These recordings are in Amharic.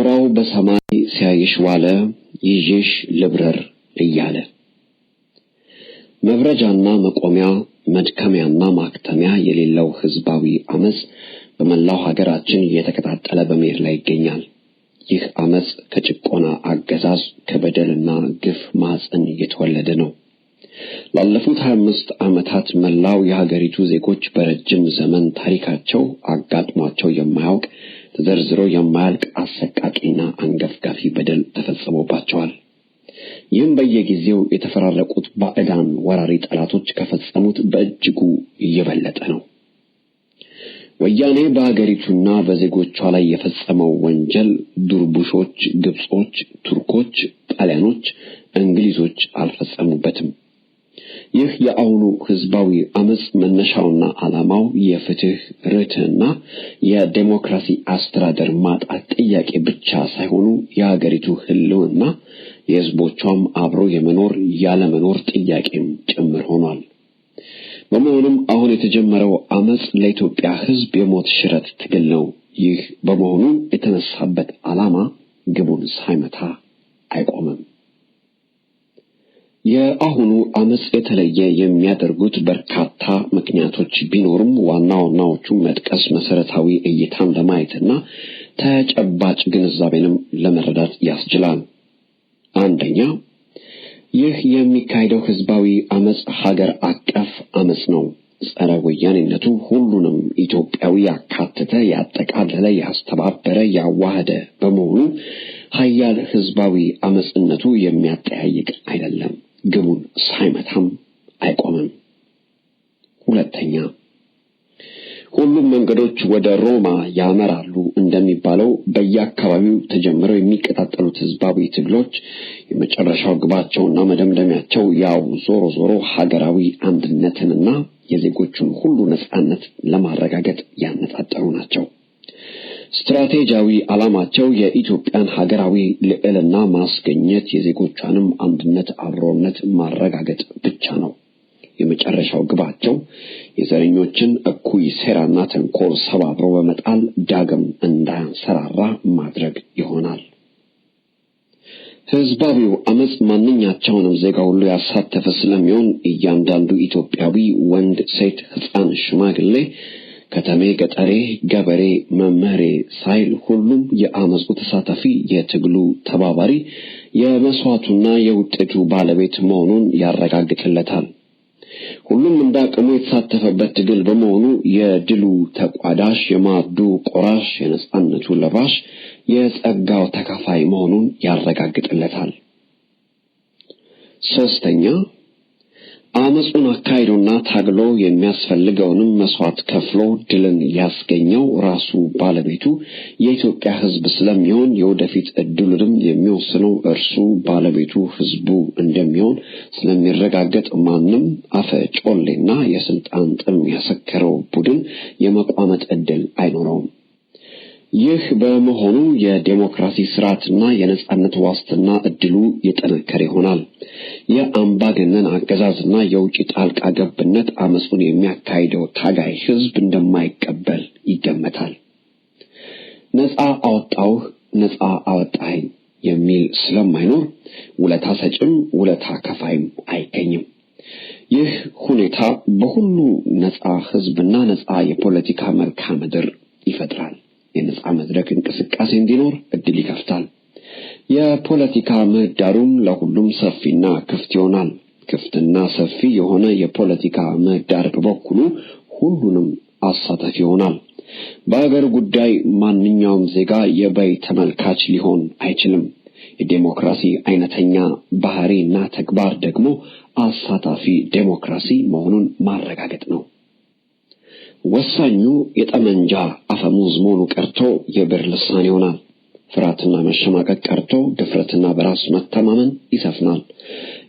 ጎራው በሰማይ ሲያይሽ ዋለ ይዤሽ ልብረር እያለ መብረጃና መቆሚያ መድከሚያና ማክተሚያ የሌለው ህዝባዊ አመፅ በመላው ሀገራችን እየተቀጣጠለ በመሄድ ላይ ይገኛል። ይህ አመፅ ከጭቆና አገዛዝ ከበደልና ግፍ ማጽን እየተወለደ ነው። ላለፉት 25 አምስት ዓመታት መላው የሀገሪቱ ዜጎች በረጅም ዘመን ታሪካቸው አጋጥሟቸው የማያውቅ ተዘርዝሮ የማያልቅ አሰቃቂና አንገፍጋፊ በደል ተፈጽሞባቸዋል። ይህም በየጊዜው የተፈራረቁት ባዕዳን ወራሪ ጠላቶች ከፈጸሙት በእጅጉ እየበለጠ ነው። ወያኔ በሀገሪቱና በዜጎቿ ላይ የፈጸመው ወንጀል ዱርቡሾች፣ ግብጾች፣ ቱርኮች፣ ጣሊያኖች፣ እንግሊዞች አልፈጸሙበትም። ይህ የአሁኑ ህዝባዊ አመፅ መነሻውና አላማው የፍትህ ርትና የዴሞክራሲ አስተዳደር ማጣት ጥያቄ ብቻ ሳይሆኑ የሀገሪቱ ህልውና የህዝቦቿም አብሮ የመኖር ያለመኖር ጥያቄም ጭምር ሆኗል። በመሆኑም አሁን የተጀመረው አመፅ ለኢትዮጵያ ህዝብ የሞት ሽረት ትግል ነው። ይህ በመሆኑ የተነሳበት ዓላማ ግቡን ሳይመታ አይቆምም። የአሁኑ አመፅ የተለየ የሚያደርጉት በርካታ ምክንያቶች ቢኖሩም ዋና ዋናዎቹን መጥቀስ መሰረታዊ እይታን ለማየትና ተጨባጭ ግንዛቤንም ለመረዳት ያስችላል። አንደኛ፣ ይህ የሚካሄደው ህዝባዊ አመፅ ሀገር አቀፍ አመፅ ነው። ጸረ ወያኔነቱ ሁሉንም ኢትዮጵያዊ ያካተተ፣ ያጠቃለለ፣ ያስተባበረ፣ ያዋህደ በመሆኑ ሀያል ህዝባዊ አመፅነቱ የሚያጠያይቅ አይደለም። ግቡን ሳይመታም አይቆምም። ሁለተኛ ሁሉም መንገዶች ወደ ሮማ ያመራሉ እንደሚባለው በየአካባቢው ተጀምረው የሚቀጣጠሉት ህዝባዊ ትግሎች የመጨረሻው ግባቸውና መደምደሚያቸው ያው ዞሮ ዞሮ ሀገራዊ አንድነትንና የዜጎቹን ሁሉ ነጻነት ለማረጋገጥ ያነጣጠሩ ናቸው። ስትራቴጂያዊ ዓላማቸው የኢትዮጵያን ሀገራዊ ልዕልና ማስገኘት፣ የዜጎቿንም አንድነት፣ አብሮነት ማረጋገጥ ብቻ ነው። የመጨረሻው ግባቸው የዘረኞችን እኩይ ሴራና ተንኮል ሰባብሮ በመጣል ዳግም እንዳያንሰራራ ማድረግ ይሆናል። ህዝባዊው አመፅ ማንኛቸውንም ዜጋ ሁሉ ያሳተፈ ስለሚሆን እያንዳንዱ ኢትዮጵያዊ ወንድ፣ ሴት፣ ህፃን፣ ሽማግሌ ከተሜ፣ ገጠሬ፣ ገበሬ፣ መምህሬ ሳይል ሁሉም የአመፁ ተሳታፊ፣ የትግሉ ተባባሪ፣ የመስዋዕቱና የውጤቱ ባለቤት መሆኑን ያረጋግጥለታል። ሁሉም እንደ አቅሙ የተሳተፈበት ትግል በመሆኑ የድሉ ተቋዳሽ፣ የማዕዱ ቆራሽ፣ የነጻነቱ ለባሽ፣ የጸጋው ተካፋይ መሆኑን ያረጋግጥለታል። ሶስተኛ አመፁን አካሂዶና ታግሎ የሚያስፈልገውንም መስዋዕት ከፍሎ ድልን ያስገኘው ራሱ ባለቤቱ የኢትዮጵያ ሕዝብ ስለሚሆን የወደፊት እድሉንም የሚወስነው እርሱ ባለቤቱ ሕዝቡ እንደሚሆን ስለሚረጋገጥ ማንም አፈ ጮሌና የስልጣን ጥም ያሰከረው ቡድን የመቋመጥ እድል አይኖረውም። ይህ በመሆኑ የዴሞክራሲ ስርዓትና የነጻነት ዋስትና እድሉ የጠነከረ ይሆናል። የአምባገነን አገዛዝና የውጭ ጣልቃ ገብነት አመፁን የሚያካሂደው ታጋይ ህዝብ እንደማይቀበል ይገመታል። ነጻ አወጣውህ፣ ነጻ አወጣኸኝ የሚል ስለማይኖር ውለታ ሰጭም ውለታ ከፋይም አይገኝም። ይህ ሁኔታ በሁሉ ነጻ ህዝብና ነጻ የፖለቲካ መልክዓ ምድር ይፈጥራል። የነፃ መድረክ እንቅስቃሴ እንዲኖር እድል ይከፍታል። የፖለቲካ ምህዳሩም ለሁሉም ሰፊና ክፍት ይሆናል። ክፍትና ሰፊ የሆነ የፖለቲካ ምህዳር በበኩሉ ሁሉንም አሳታፊ ይሆናል። በሀገር ጉዳይ ማንኛውም ዜጋ የበይ ተመልካች ሊሆን አይችልም። የዴሞክራሲ አይነተኛ ባህሪና ተግባር ደግሞ አሳታፊ ዴሞክራሲ መሆኑን ማረጋገጥ ነው። ወሳኙ የጠመንጃ አፈሙዝ መሆኑ ቀርቶ የብር ልሳን ይሆናል። ፍርሃትና መሸማቀቅ ቀርቶ ድፍረትና በራስ መተማመን ይሰፍናል።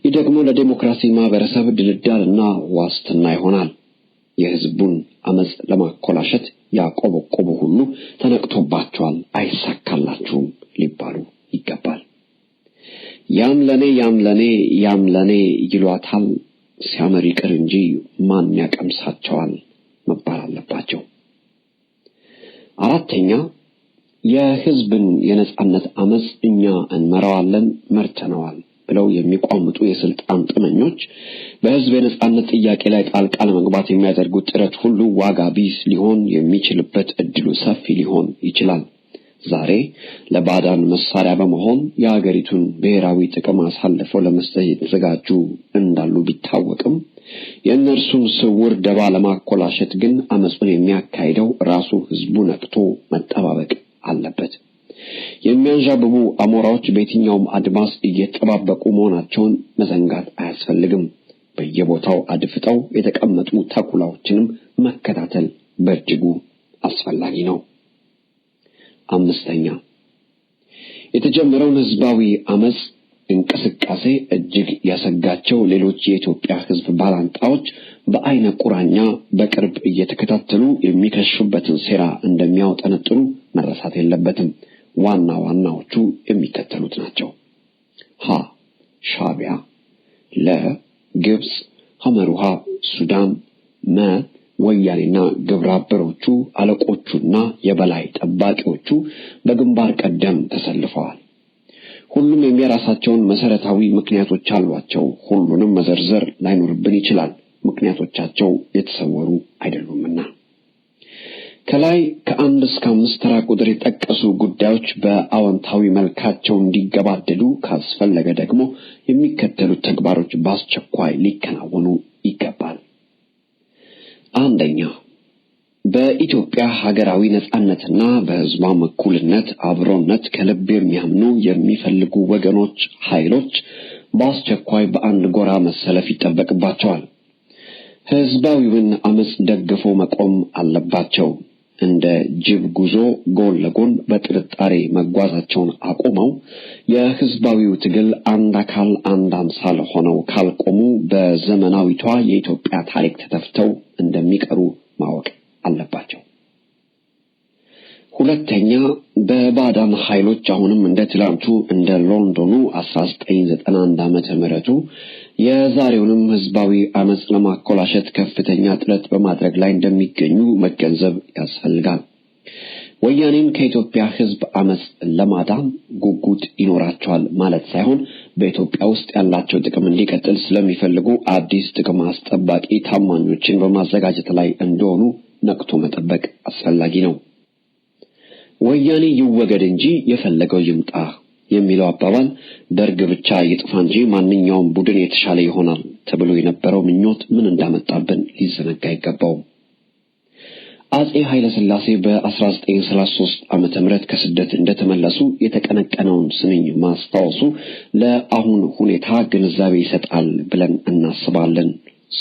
ይህ ደግሞ ለዴሞክራሲ ማህበረሰብ ድልዳልና ዋስትና ይሆናል። የህዝቡን አመፅ ለማኮላሸት ያቆበቆቡ ሁሉ ተነቅቶባቸዋል፣ አይሳካላችሁም ሊባሉ ይገባል። ያም ለእኔ ያም ለእኔ ያም ለእኔ ይሏታል። ሲያምር ይቅር እንጂ ማን ያቀምሳቸዋል? አራተኛ የህዝብን የነጻነት አመፅ እኛ እንመራዋለን፣ መርተነዋል ብለው የሚቋምጡ የስልጣን ጥመኞች በህዝብ የነጻነት ጥያቄ ላይ ጣልቃ ለመግባት የሚያደርጉት ጥረት ሁሉ ዋጋ ቢስ ሊሆን የሚችልበት እድሉ ሰፊ ሊሆን ይችላል። ዛሬ ለባዳን መሳሪያ በመሆን የአገሪቱን ብሔራዊ ጥቅም አሳልፈው ለመስጠት የተዘጋጁ እንዳሉ ቢታወቅም የእነርሱን ስውር ደባ ለማኮላሸት ግን አመፁን የሚያካሂደው ራሱ ህዝቡ ነቅቶ መጠባበቅ አለበት። የሚያንዣብቡ አሞራዎች በየትኛውም አድማስ እየተጠባበቁ መሆናቸውን መዘንጋት አያስፈልግም። በየቦታው አድፍጠው የተቀመጡ ተኩላዎችንም መከታተል በእጅጉ አስፈላጊ ነው። አምስተኛ የተጀመረውን ህዝባዊ አመፅ እንቅስቃሴ እጅግ ያሰጋቸው ሌሎች የኢትዮጵያ ህዝብ ባላንጣዎች በአይነ ቁራኛ በቅርብ እየተከታተሉ የሚከሹበትን ሴራ እንደሚያውጠነጥኑ መረሳት የለበትም። ዋና ዋናዎቹ የሚከተሉት ናቸው። ሀ ሻቢያ፣ ለ ግብፅ፣ ሐመሩሃ ሱዳን፣ መ ወያኔና ግብረአበሮቹ አለቆቹና የበላይ ጠባቂዎቹ በግንባር ቀደም ተሰልፈዋል። ሁሉም የየራሳቸውን መሰረታዊ ምክንያቶች አሏቸው። ሁሉንም መዘርዘር ላይኖርብን ይችላል፣ ምክንያቶቻቸው የተሰወሩ አይደሉምና። ከላይ ከአንድ እስከ አምስት ተራ ቁጥር የጠቀሱ ጉዳዮች በአዎንታዊ መልካቸው እንዲገባደዱ ካስፈለገ ደግሞ የሚከተሉት ተግባሮች በአስቸኳይ ሊከናወኑ ይገባል። አንደኛ በኢትዮጵያ ሀገራዊ ነጻነትና በሕዝቧም እኩልነት አብሮነት ከልብ የሚያምኑ የሚፈልጉ ወገኖች ኃይሎች በአስቸኳይ በአንድ ጎራ መሰለፍ ይጠበቅባቸዋል። ህዝባዊውን አመፅ ደግፎ መቆም አለባቸው። እንደ ጅብ ጉዞ ጎን ለጎን በጥርጣሬ መጓዛቸውን አቁመው የህዝባዊው ትግል አንድ አካል አንድ አምሳል ሆነው ካልቆሙ በዘመናዊቷ የኢትዮጵያ ታሪክ ተተፍተው እንደሚቀሩ ማወቅ አለባቸው። ሁለተኛ በባዳም ኃይሎች አሁንም እንደ ትላንቱ እንደ ሎንዶኑ 1991 ዘጠኝ ዘጠና የዛሬውንም ህዝባዊ አመፅ ለማኮላሸት ከፍተኛ ጥረት በማድረግ ላይ እንደሚገኙ መገንዘብ ያስፈልጋል። ወያኔን ከኢትዮጵያ ህዝብ አመፅ ለማዳም ጉጉት ይኖራቸዋል ማለት ሳይሆን በኢትዮጵያ ውስጥ ያላቸው ጥቅም እንዲቀጥል ስለሚፈልጉ አዲስ ጥቅም አስጠባቂ ታማኞችን በማዘጋጀት ላይ እንደሆኑ ነቅቶ መጠበቅ አስፈላጊ ነው። ወያኔ ይወገድ እንጂ የፈለገው ይምጣ የሚለው አባባል ደርግ ብቻ ይጥፋ እንጂ ማንኛውም ቡድን የተሻለ ይሆናል ተብሎ የነበረው ምኞት ምን እንዳመጣብን ሊዘነጋ አይገባውም። አጼ ኃይለ ሥላሴ በ1933 ዓ ም ከስደት እንደተመለሱ የተቀነቀነውን ስንኝ ማስታወሱ ለአሁን ሁኔታ ግንዛቤ ይሰጣል ብለን እናስባለን።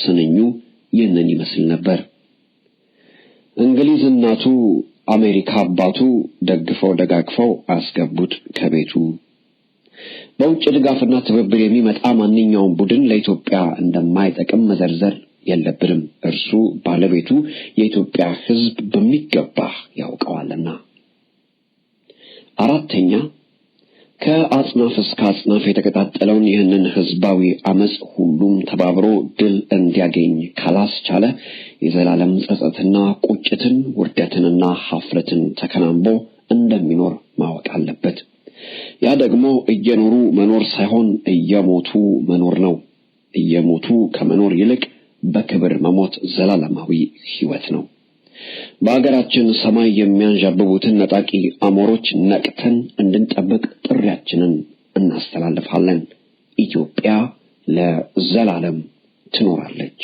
ስንኙ ይህንን ይመስል ነበር። እንግሊዝ እናቱ አሜሪካ አባቱ ደግፈው ደጋግፈው አስገቡት ከቤቱ። በውጭ ድጋፍና ትብብር የሚመጣ ማንኛውም ቡድን ለኢትዮጵያ እንደማይጠቅም መዘርዘር የለብንም። እርሱ ባለቤቱ የኢትዮጵያ ሕዝብ በሚገባ ያውቀዋልና። አራተኛ ከአጽናፍ እስከ አጽናፍ የተቀጣጠለውን ይህንን ህዝባዊ አመፅ ሁሉም ተባብሮ ድል እንዲያገኝ ካላስቻለ የዘላለም ጸጸትና ቁጭትን ውርደትንና ሀፍረትን ተከናንቦ እንደሚኖር ማወቅ አለበት። ያ ደግሞ እየኖሩ መኖር ሳይሆን እየሞቱ መኖር ነው። እየሞቱ ከመኖር ይልቅ በክብር መሞት ዘላለማዊ ህይወት ነው። በአገራችን ሰማይ የሚያንዣብቡትን ነጣቂ አሞሮች ነቅተን እንድንጠብቅ ጥሪያችንን እናስተላልፋለን። ኢትዮጵያ ለዘላለም ትኖራለች።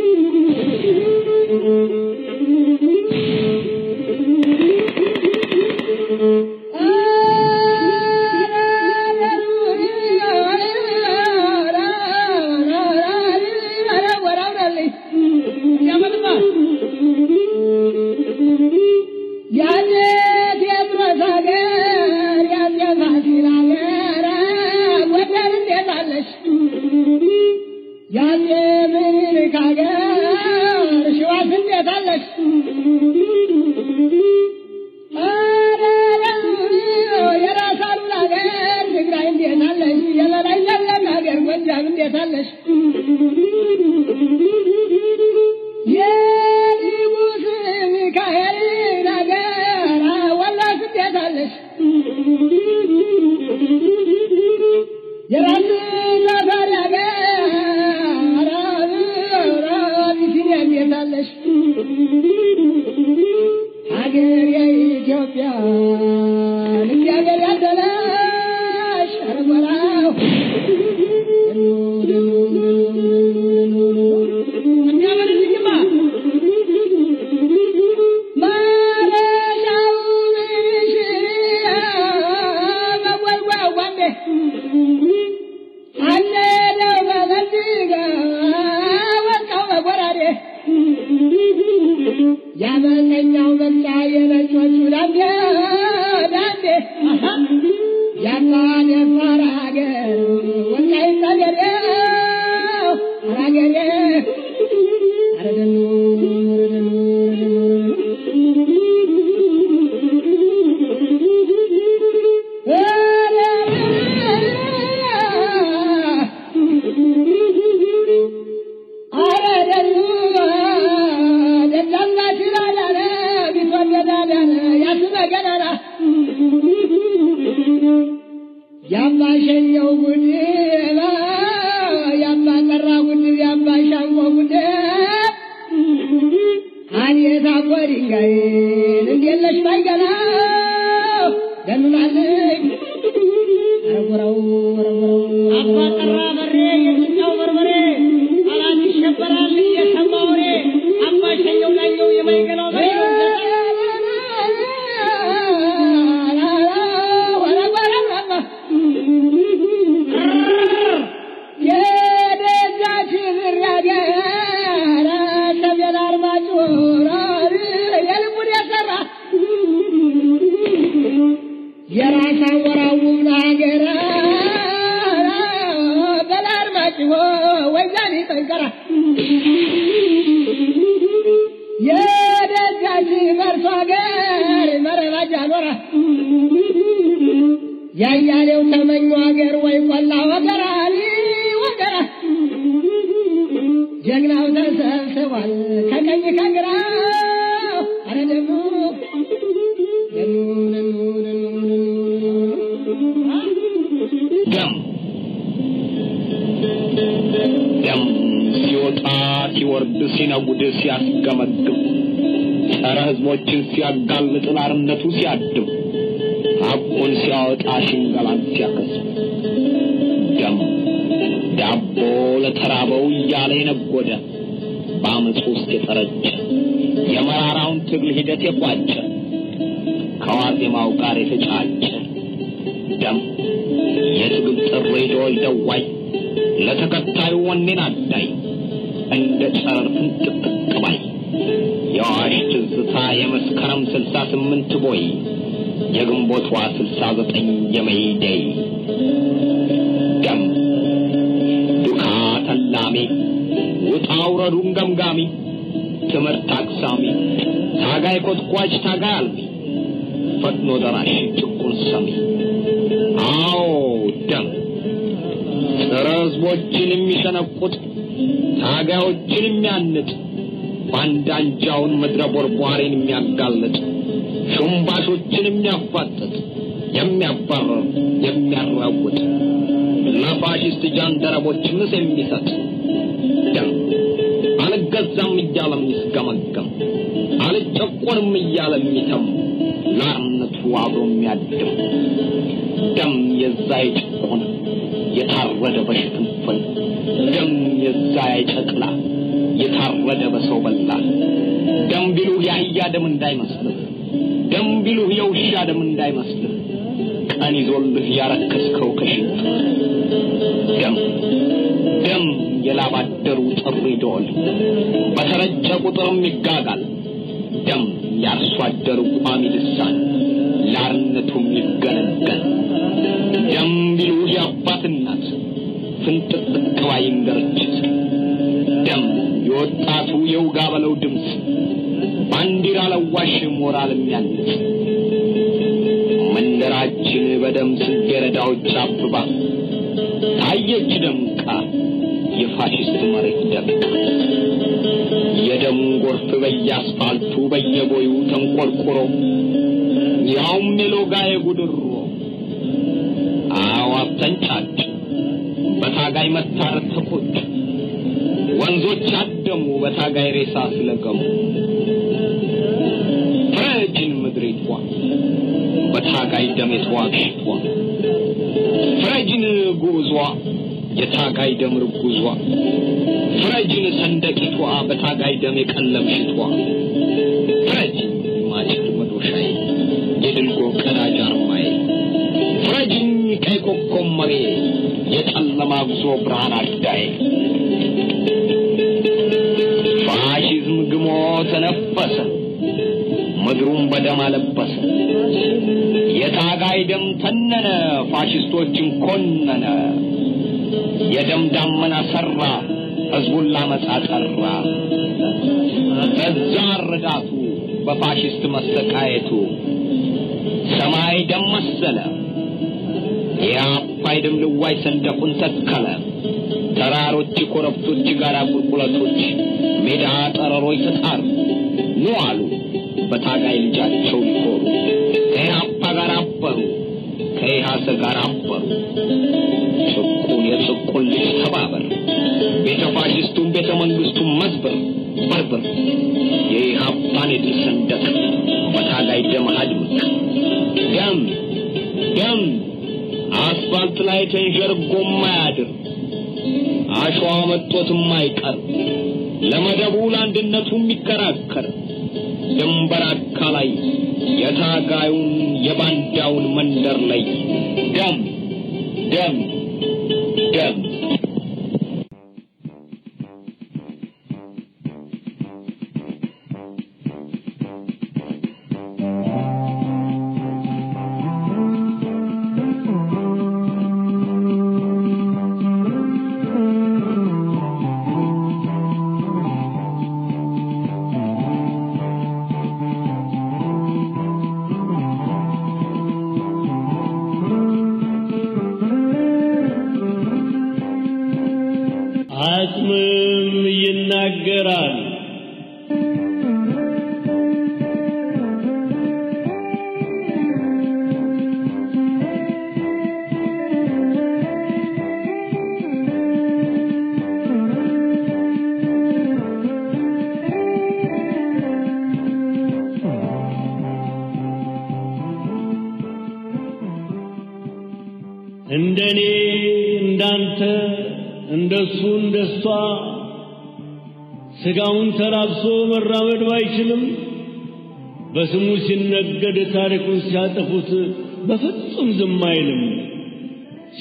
ያመለኛው መጣ የነጮቹ ዳንገት فايقين እንዴ ለሽ ፋይቀና ደኑን አለ ረጉረው ረጉረው አባ ቀራ ያያሌው ተመኙ አገር ወይ ቆላ ወገራ ወገራ ጀግናው ተሰብስቧል ከቀኝ ከግራ አረ ደሞ ሲወጣ ሲወርድ ሲነጉድ ሲያስገመግም ጸረ ህዝቦችን ሲያጋልጥ አርነቱ ሲያድም የጎዳ በአመፅ ውስጥ የተረጨ የመራራውን ትግል ሂደት የቋጨ ከዋዜማው ጋር የተጫጨ ደም የትግል ጥሪ ጆይ ደዋይ ለተከታዩ ወኔን አዳይ እንደ ጨረር ፍንጥቅ ቅባይ ትዝታ የመስከረም ስልሳ ስምንት ቦይ የግንቦቷ ስልሳ ዘጠኝ የመይደይ ደም ዱካ ተላሜ ውጣ ውረዱን ገምጋሚ፣ ትምህርት አቅሳሚ፣ ታጋይ ኮትኳች፣ ታጋይ አልሚ፣ ፈጥኖ ደራሽ ጭቁን ሰሚ። አዎ ደም ጸረ ሕዝቦችን የሚሸነቁጥ ታጋዮችን የሚያንጥ ባንዳንጃውን ምድረ ቦርቧሬን የሚያጋልጥ ሹምባሾችን የሚያፋጥጥ የሚያባረር የሚያራውጥ ለፋሽስት ጃንደረቦች ምስ የሚሰጥ እንደዛም እያለ የሚስገመገም አልጨቆንም እያለ የሚተም ላርነቱ አብሮ የሚያድም ደም የዛ የጨቆነ የታረደ በሽክንፍን ደም የዛ የጨቅላ የታረደ በሰው በላ ደም ቢሉህ የአህያ ደም እንዳይመስልህ፣ ደም ቢሉህ የውሻ ደም እንዳይመስልህ ቀን ይዞልህ ያረከስከው ከሽጥ ደም ደም የላባደሩ ጥሪ ደወል! በተረጨ ቁጥርም ይጋጋል። ደም ያርሶ አደሩ ቋሚ ልሳን ላርነቱም ይገነገን። ደም ቢሉ የአባትናት ፍንጥቅ ጥቅባይም ድርጅት ደም የወጣቱ የውጋ በለው ድምፅ ባንዲራ ለዋሽ ሞራል የሚያንጽ መንደራችን በደም ስገረዳዎች አብባ ታየች ደምቃ ፋሽስት መሬት ደም የደሙ ጎርፍ በየአስፋልቱ በየቦዩ ተንቆርቁሮ ያውም የሎጋ ጉድሮ አዋብ ተንጫጭ በታጋይ መታረድ ተቆጭ ወንዞች አደሙ በታጋይ ሬሳ ስለገሙ ፍረጅን ምድሪቷ በታጋይ ደም የተዋግሽቷ ፍረጅን ጉዟ የታጋይ ደም ርጉዟ ፍረጅን ሰንደቂቷ በታጋይ ደም የቀለምሽቷ ፍረጅ ማጭድ መዶሻዬ የድልጎ ቀዳጅ አርማዬ ፍረጅኝ ቀይ ኮከብ መሬ የጨለማ ጉዞ ብርሃን አዳዬ ፋሺዝም ግሞ ተነፈሰ ምድሩም በደም አለበሰ። የታጋይ ደም ተነነ ፋሽስቶችን ኮነነ። የደም ዳመና ሰራ፣ ህዝቡን ላመጻ ጠራ። በዛ ርጋቱ በፋሽስት መሰቃየቱ ሰማይ ደም መሰለ። የአባይ ደም ልዋይ ሰንደቁን ተከለ። ተራሮች፣ ኮረብቶች፣ ጋራ ቁልቁለቶች፣ ሜዳ ጠረሮች ተጣሩ። ኑ አሉ በታጋይ ልጃቸው ሊኮሩ። ከኢህአፓ ጋር አበሩ፣ ከኢህአሰ ጋር አበሩ። ነበር። የኢህአፓን የድል ሰንደቅ ቦታ ላይ ደምህ አድምቅ። ደም ደም አስፋልት ላይ ተንሸርጎ ማያድር አሸዋ መጥቶት ማይቀር ለመደቡ ለአንድነቱ የሚከራከር ድንበር ላይ የታጋዩን የባንዳውን መንደር ላይ እንደ እኔ እንዳንተ እንደሱ እንደሷ ሥጋውን ተላብሶ መራመድ ባይችልም በስሙ ሲነገድ ታሪኩን ሲያጠፉት በፍጹም ዝም አይልም።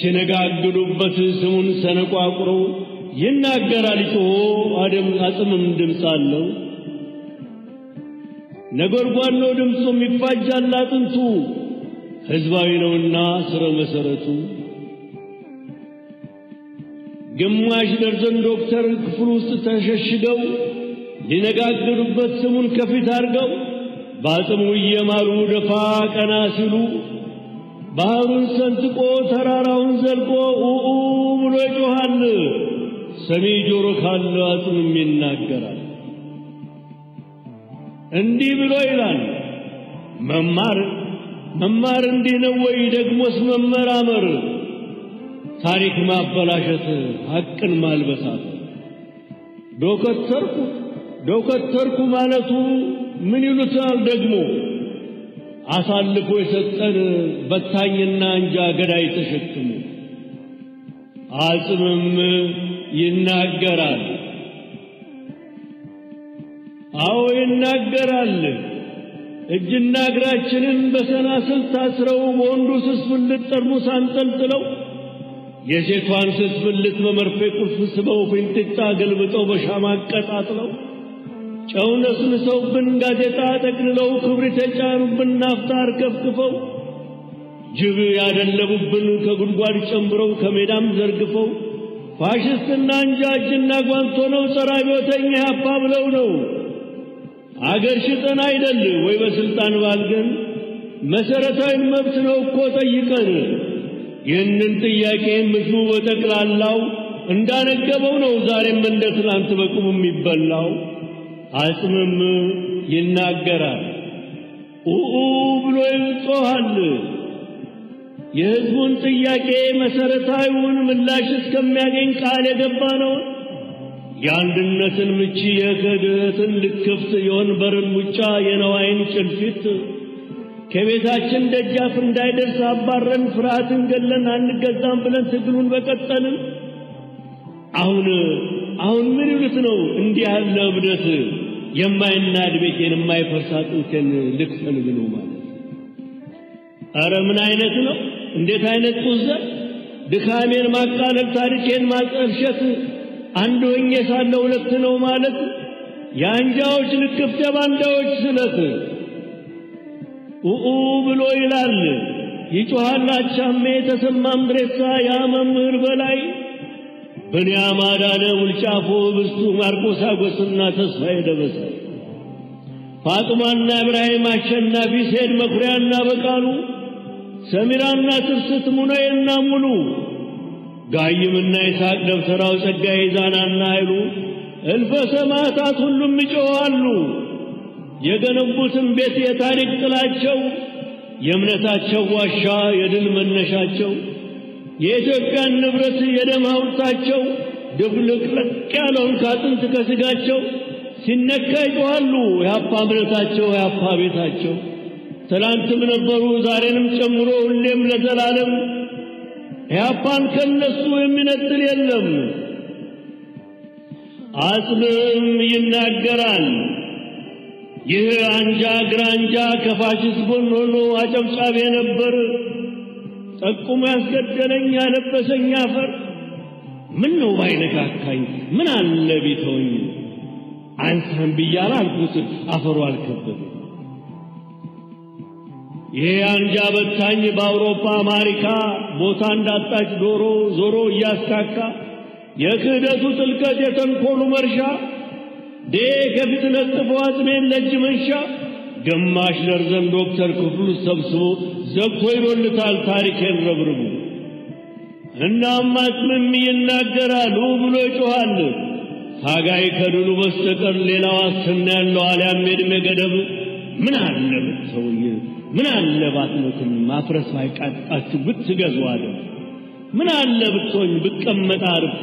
ሲነጋግዱበት ስሙን ሰነቋቁሮ ይናገራል ጮሆ አጽምም ድምፅ አለው። ነጎድጓድ ነው ድምፁም ይፋጃል አጥንቱ ሕዝባዊ ነውና ሥረ መሠረቱ ግማሽ ደርዘን ዶክተር ክፍል ውስጥ ተሸሽገው ሊነጋገሩበት ስሙን ከፊት አድርገው በአጽሙ እየማሉ ደፋ ቀና ሲሉ ባህሩን ሰንጥቆ ተራራውን ዘልቆ ኡኡ ብሎ ይጮኻል። ሰሚ ጆሮ ካለው አጽምም ይናገራል። እንዲህ ብሎ ይላል መማር መማር እንዲህ ነው ወይ? ደግሞስ መመራመር ታሪክ ማበላሸት፣ ሐቅን ማልበሳት። ዶከተርኩ ዶከተርኩ ማለቱ ምን ይሉታል ደግሞ አሳልፎ የሰጠን በታኝና አንጃ ገዳይ ተሸክሙ አጽምም ይናገራል። አዎ ይናገራል። እጅና እግራችንን በሰናስል ታስረው በወንዱ ስስ ፍልጥ ጠርሙስ አንጠልጥለው የሴቷን ስትብልት በመርፌ ቁልፍ ስበው ፊንጢጣ ገልብጠው በሻማ አቀጣጥለው ጨው ነስንሰውብን ጋዜጣ ጠቅልለው ክብሪት የጫሩብን ናፍጣ አርከፍክፈው ጅብ ያደለቡብን ከጉድጓድ ጨምረው ከሜዳም ዘርግፈው ፋሽስትና እንጃጅና ጓንቶ ነው ጸረ አብዮተኛ ያፓ ብለው ነው አገር ሽጠን አይደል ወይ በስልጣን ባልገን መሰረታዊ መብት ነው እኮ ጠይቀን ይህንን ጥያቄ ምስሉ በጠቅላላው እንዳነገበው ነው። ዛሬም እንደ ትናንት በቁም የሚበላው አጽምም ይናገራል። ኡኡ ብሎ ይጮኻል። የሕዝቡን ጥያቄ መሠረታዊውን ምላሽ እስከሚያገኝ ቃል የገባ ነው። የአንድነትን ምቺ የክህደትን ልክፍት የወንበርን ሙጫ የነዋይን ጭልፊት ከቤታችን ደጃፍ እንዳይደርስ አባረን ፍርሃትን ገለን አንገዛም ብለን ትግሉን በቀጠልን። አሁን አሁን ምን ይሉት ነው? እንዲህ ያለ እብደት የማይናድ ቤቴን የማይፈርስ አጥንቴን ልክፈልግ ነው ማለት። አረ ምን አይነት ነው? እንዴት አይነት ቁዘ ድካሜን ማቃለል፣ ታሪኬን ማጠልሸት፣ አንድ ሆኜ ሳለ ሁለት ነው ማለት የአንጃዎች ልክፍት የባንዳዎች ስለት ኡኡ ብሎ ይላል ይጮሃላቻሜ ተሰማም ድሬሳ ያ መምህር በላይ ብንያም አዳነ ውልጫፎ ብስቱ ማርቆስ አጎስና ተስፋዬ ደበሰ ፋጡማና እብራሂም አሸናፊ ሴድ መኩሪያና በቃሉ ሰሚራና ትርስት ሙናዬና ሙሉ ጋይምና ይስሐቅ ደብተራው ጸጋዬ ዛናና ኃይሉ እልፈ ሰማዕታት ሁሉም ይጮኻሉ። የገነቡትን ቤት የታሪክ ጥላቸው፣ የእምነታቸው ዋሻ የድል መነሻቸው፣ የኢትዮጵያን ንብረት የደም ሐውልታቸው ድብልቅልቅ ያለውን ከአጥንት ከስጋቸው ሲነካ ይጮኻሉ የአፓ እምነታቸው የአፓ ቤታቸው። ትላንትም ነበሩ ዛሬንም ጨምሮ ሁሌም ለዘላለም የአፓን ከነሱ የሚነጥል የለም። አጽምም ይናገራል ይህ አንጃ ግራንጃ ከፋሽስት ጎን ሆኖ አጨብጫቤ ነበር። ጠቁሞ ያስገደለኝ ያለበሰኝ አፈር ምን ነው ባይነካካኝ ምን አለ ቢተወኝ አንተም ብያለ አልኩት አፈሩ አልከበደኝ። ይሄ አንጃ በታኝ በአውሮፓ አማሪካ ቦታ እንዳጣች ዶሮ ዞሮ እያስካካ የክህደቱ ጥልቀት የተንኮሉ መርሻ ከፊት ለጥፎ አጽሜም ለእጅ መንሻ ግማሽ ደርዘን ዶክተር ክፍሉ ሰብስቦ ዘግቶ ይኖልታል ታሪኬን ረብርቡ። እናም አጽምም ይናገራል ብሎ ይጮኋል። ታጋይ ከድሉ በስተቀር ሌላ ዋስትና ያለው አልያም የዕድሜ ገደብ ምን አለ ሰውዬ፣ ምን አለ ባትሞትም ማፍረስ ባይቃጣችሁ ብትገዙ አለ ምን አለ ብትሆኝ ብቀመጣ አርፌ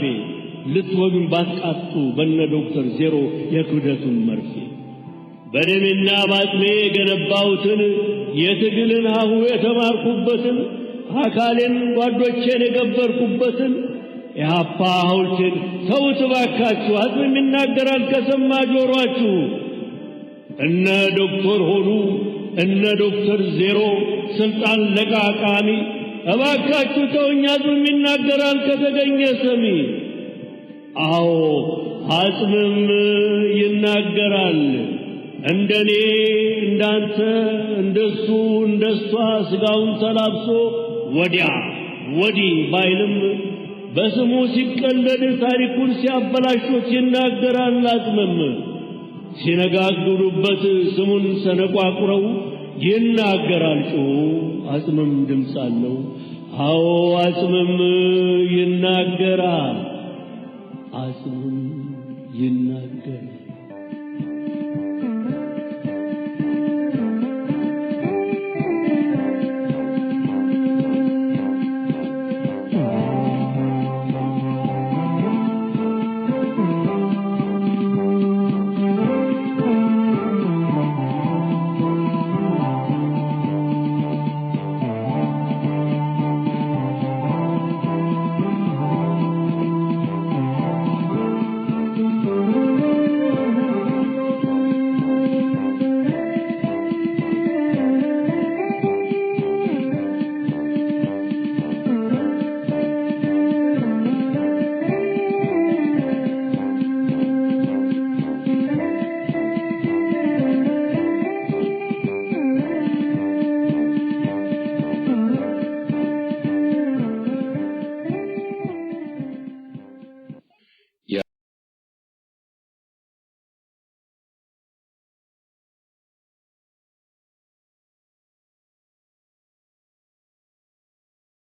ልትወዱን ባትቃጡ በነ ዶክተር ዜሮ የክብደቱን መርፌ በደሜና ባጥሜ የገነባሁትን የትግልን ሀሁ የተማርኩበትን አካሌን ጓዶቼን የገበርኩበትን የሀፓ ሐውልቴን ተዉት እባካችሁ፣ አጥም የሚናገራል ከሰማ ጆሯችሁ እነ ዶክተር ሆኑ እነ ዶክተር ዜሮ ስልጣን ለቃቃሚ፣ እባካችሁ ተውኝ፣ አጥም የሚናገራል ከተገኘ ሰሚ አዎ አጽምም ይናገራል። እንደኔ እንዳንተ እንደሱ እንደሷ ስጋውን ተላብሶ ወዲያ ወዲህ ባይልም በስሙ ሲቀለድ ታሪኩን ሲያበላሾት ይናገራል። አጽምም ሲነጋግሩበት ስሙን ሰነቋቁረው ይናገራል። ጩ አጽምም ድምፅ አለው። አዎ አጽምም ይናገራል። አጽሙን ይናገር